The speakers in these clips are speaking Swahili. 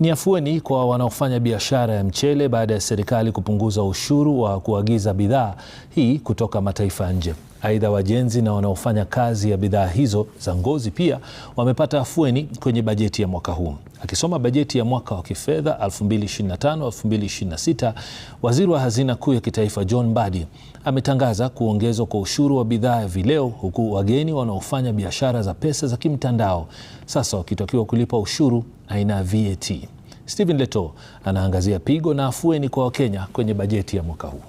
Ni afueni kwa wanaofanya biashara ya mchele baada ya serikali kupunguza ushuru wa kuagiza bidhaa hii kutoka mataifa ya nje. Aidha, wajenzi na wanaofanya kazi ya bidhaa hizo za ngozi pia wamepata afueni kwenye bajeti ya mwaka huu. Akisoma bajeti ya mwaka wa kifedha 2025/2026, Waziri wa Hazina Kuu ya Kitaifa John Mbadi ametangaza kuongezwa kwa ushuru wa bidhaa ya vileo, huku wageni wanaofanya biashara za pesa za kimtandao sasa wakitakiwa kulipa ushuru aina ya VAT. Stephen Leto anaangazia pigo na afueni kwa Wakenya kwenye bajeti ya mwaka huu.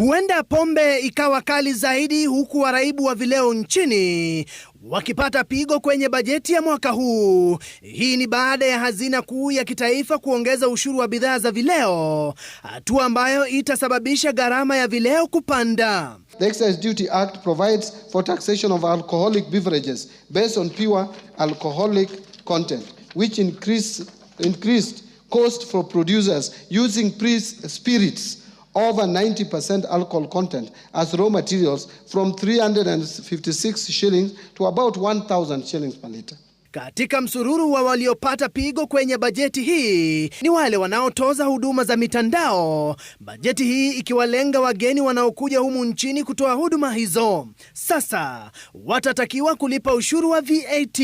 Huenda pombe ikawa kali zaidi, huku waraibu wa vileo nchini wakipata pigo kwenye bajeti ya mwaka huu. Hii ni baada ya hazina kuu ya kitaifa kuongeza ushuru wa bidhaa za vileo, hatua ambayo itasababisha gharama ya vileo kupanda. The Excise Duty Act provides for taxation of alcoholic beverages based on pure alcoholic content which increase, increased cost for producers using spirits over 90% alcohol content as raw materials from 356 shillings to about 1000 shillings per liter. Katika msururu wa waliopata pigo kwenye bajeti hii ni wale wanaotoza huduma za mitandao, bajeti hii ikiwalenga wageni wanaokuja humu nchini kutoa huduma hizo. Sasa watatakiwa kulipa ushuru wa VAT.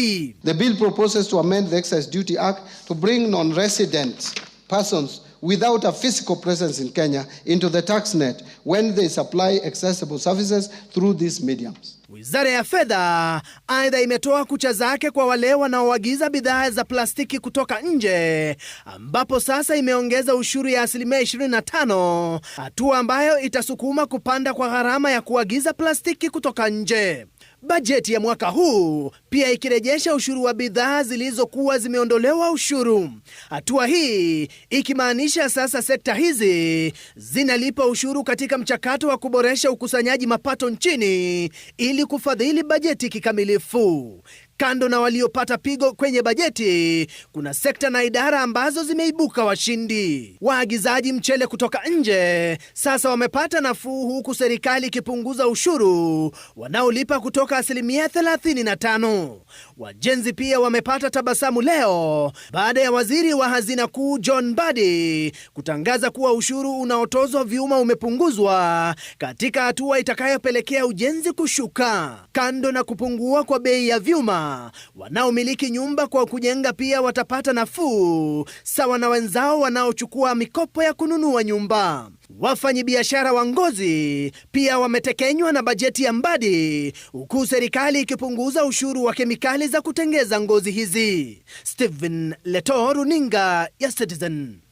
The bill proposes to amend the excise duty act to bring non-resident persons without a physical presence in Kenya into the tax net when they supply accessible services through these mediums. Wizara ya Fedha aidha imetoa kucha zake kwa wale wanaoagiza bidhaa za plastiki kutoka nje, ambapo sasa imeongeza ushuru ya asilimia 25, hatua ambayo itasukuma kupanda kwa gharama ya kuagiza plastiki kutoka nje. Bajeti ya mwaka huu pia ikirejesha ushuru wa bidhaa zilizokuwa zimeondolewa ushuru, hatua hii ikimaanisha sasa sekta hizi zinalipa ushuru katika mchakato wa kuboresha ukusanyaji mapato nchini ili ili kufadhili bajeti kikamilifu. Kando na waliopata pigo kwenye bajeti, kuna sekta na idara ambazo zimeibuka washindi. Waagizaji mchele kutoka nje sasa wamepata nafuu, huku serikali ikipunguza ushuru wanaolipa kutoka asilimia 35. Wajenzi pia wamepata tabasamu leo baada ya waziri wa hazina kuu John Mbadi kutangaza kuwa ushuru unaotozwa vyuma umepunguzwa katika hatua itakayopelekea ujenzi kushuka. Kando na kupungua kwa bei ya vyuma wanaomiliki nyumba kwa kujenga pia watapata nafuu sawa na wenzao wanaochukua mikopo ya kununua nyumba. Wafanyabiashara wa ngozi pia wametekenywa na bajeti ya mbadi, huku serikali ikipunguza ushuru wa kemikali za kutengeza ngozi hizi. Stephen Leto, runinga ya Citizen.